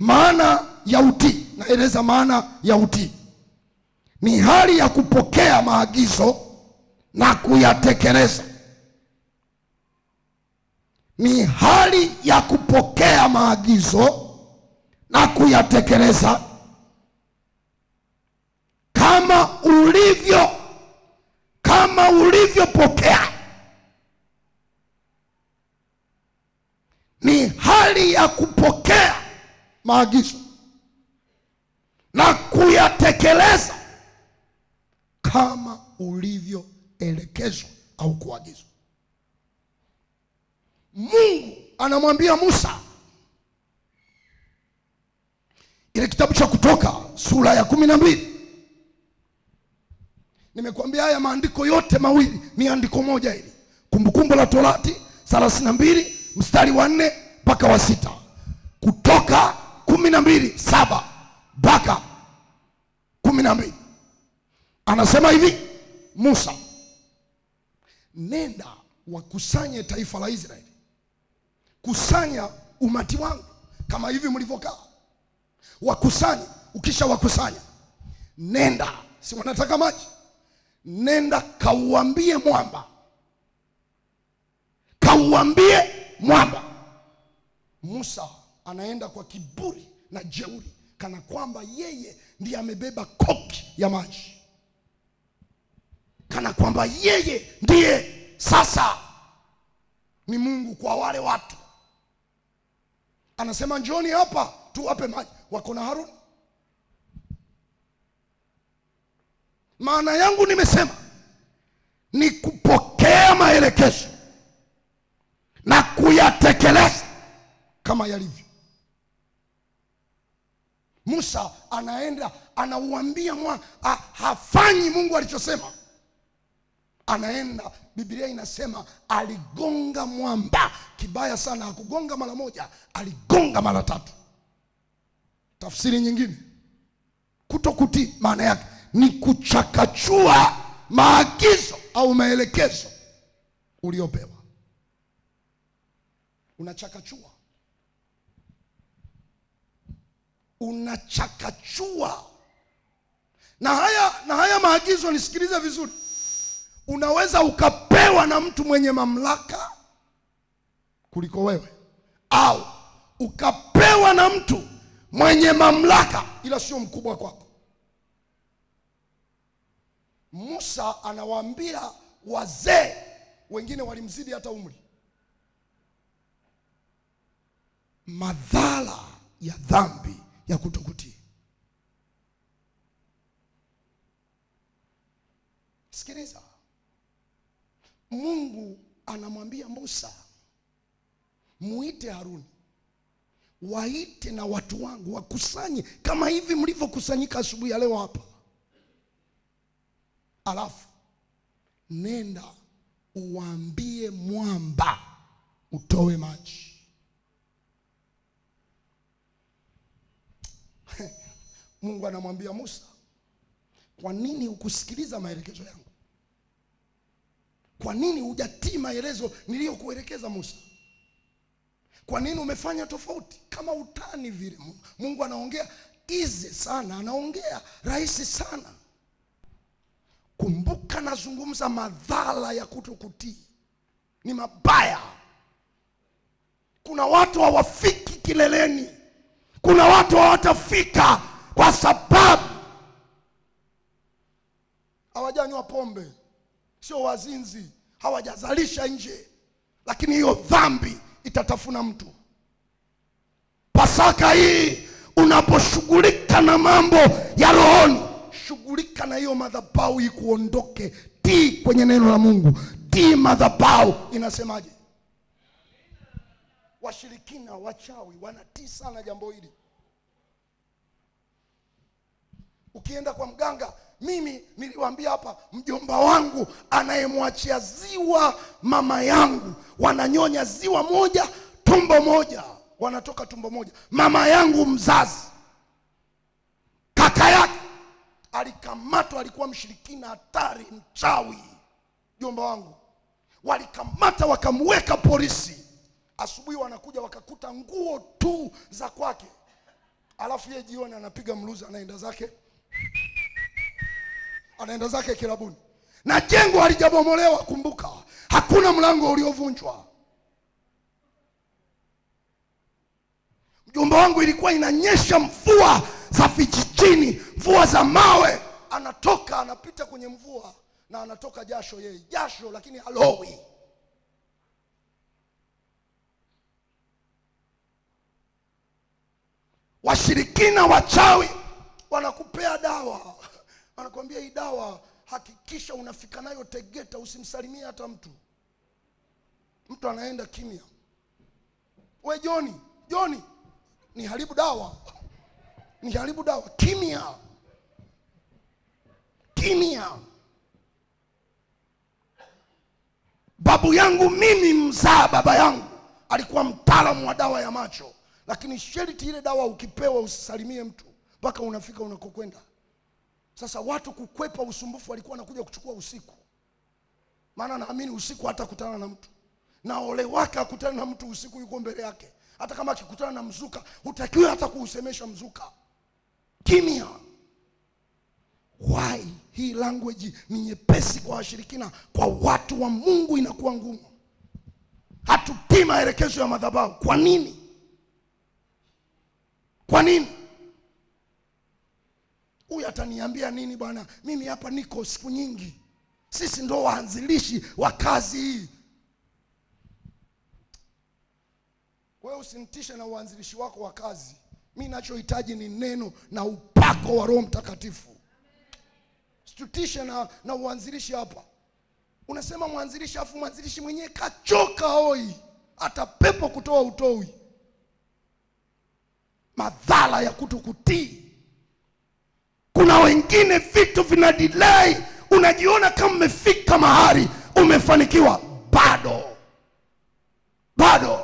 Maana ya utii, naeleza maana ya utii ni hali ya kupokea maagizo na kuyatekeleza. Ni hali ya kupokea maagizo na kuyatekeleza kama ulivyo kama ulivyopokea. Ni hali ya kupokea maagizo na kuyatekeleza kama ulivyoelekezwa au kuagizwa. Mungu anamwambia Musa, ile kitabu cha Kutoka sura ya kumi na mbili. Nimekuambia haya maandiko yote mawili ni andiko moja hili, Kumbukumbu la Torati 32 mstari wa nne mpaka wa sita, Kutoka kumi na mbili saba mpaka kumi na mbili anasema hivi Musa, nenda wakusanye taifa la Israeli, kusanya umati wangu kama hivi mlivyokaa, wakusanye. Ukisha wakusanya, nenda, si wanataka maji? Nenda kauambie mwamba, kauambie mwamba. Musa anaenda kwa kiburi na jeuri, kana kwamba yeye ndiye amebeba koki ya maji, kana kwamba yeye ndiye sasa ni Mungu kwa wale watu. Anasema njoni hapa tuwape maji, wako na Haruni. Maana yangu nimesema ni kupokea maelekezo na kuyatekeleza kama yalivyo. Musa anaenda anauambia mwa ha, ah, hafanyi Mungu alichosema, anaenda Biblia inasema aligonga mwamba. Kibaya sana, hakugonga mara moja, aligonga mara tatu. Tafsiri nyingine, kutokutii maana yake ni kuchakachua maagizo au maelekezo uliopewa, unachakachua unachakachua na haya, na haya maagizo, nisikilize vizuri, unaweza ukapewa na mtu mwenye mamlaka kuliko wewe au ukapewa na mtu mwenye mamlaka ila sio mkubwa kwako. Musa anawaambia wazee wengine walimzidi hata umri, madhara ya dhambi ya kutokutii. Sikiliza, Mungu anamwambia Musa, muite Haruni, waite na watu wangu wakusanye kama hivi mlivyokusanyika asubuhi ya leo hapa, alafu nenda uwaambie mwamba utoe maji. Mungu anamwambia Musa, kwa nini hukusikiliza maelekezo yangu? Kwa nini hujatii maelezo niliyokuelekeza Musa? Kwa nini umefanya tofauti? Kama utani vile. Mungu anaongea ize sana, anaongea rahisi sana. Kumbuka, nazungumza madhara ya kutokutii ni mabaya. Kuna watu hawafiki kileleni, kuna watu hawatafika kwa sababu hawajanywa pombe, sio wazinzi, hawajazalisha nje, lakini hiyo dhambi itatafuna mtu. Pasaka hii unaposhughulika na mambo ya rohoni, shughulika na hiyo madhabahu ikuondoke. Tii kwenye neno la Mungu, tii madhabahu. Inasemaje? Washirikina, wachawi wanatii sana jambo hili. Ukienda kwa mganga, mimi niliwaambia hapa, mjomba wangu anayemwachia ziwa mama yangu, wananyonya ziwa moja tumbo moja, wanatoka tumbo moja. Mama yangu mzazi, kaka yake alikamatwa, alikuwa mshirikina hatari, mchawi. Mjomba wangu walikamata, wakamweka polisi. Asubuhi wanakuja wakakuta nguo tu za kwake, alafu yeye jioni anapiga mluzi, anaenda zake anaenda zake kilabuni, na jengo halijabomolewa. Kumbuka, hakuna mlango uliovunjwa. Mjomba wangu ilikuwa inanyesha mvua za vijijini, mvua za mawe, anatoka anapita kwenye mvua na anatoka jasho, yeye jasho, lakini halowi. Washirikina wachawi wanakupea dawa anakuambia hii dawa hakikisha unafika nayo Tegeta, usimsalimie hata mtu. Mtu anaenda kimya, we Joni, Joni, ni haribu dawa, ni haribu dawa, kimya kimya. Babu yangu mimi mzaa baba yangu alikuwa mtaalamu wa dawa ya macho, lakini sheriti ile dawa ukipewa usisalimie mtu mpaka unafika unakokwenda. Sasa watu kukwepa usumbufu walikuwa wanakuja kuchukua usiku, maana naamini usiku hata kutana na mtu, na ole wake akutana na mtu usiku, yuko mbele yake. Hata kama akikutana na mzuka, hutakiwi hata kuusemesha mzuka, kimya. Why? Hii language ni nyepesi kwa washirikina, kwa watu wa Mungu inakuwa ngumu. Hatutii maelekezo ya madhabahu. Kwa nini? Kwa nini? huyu ataniambia nini bwana? Mimi hapa niko siku nyingi, sisi ndo waanzilishi wa kazi hii. Wewe usinitishe na uanzilishi wako wa kazi. Mi nachohitaji ni neno na upako wa Roho Mtakatifu. Situtishe na, na uanzilishi hapa. Unasema mwanzilishi, afu mwanzilishi mwenyewe kachoka oi hata pepo kutoa utoi. Madhara ya kutokutii wengine vitu vina delay. Unajiona kama umefika mahali umefanikiwa, bado bado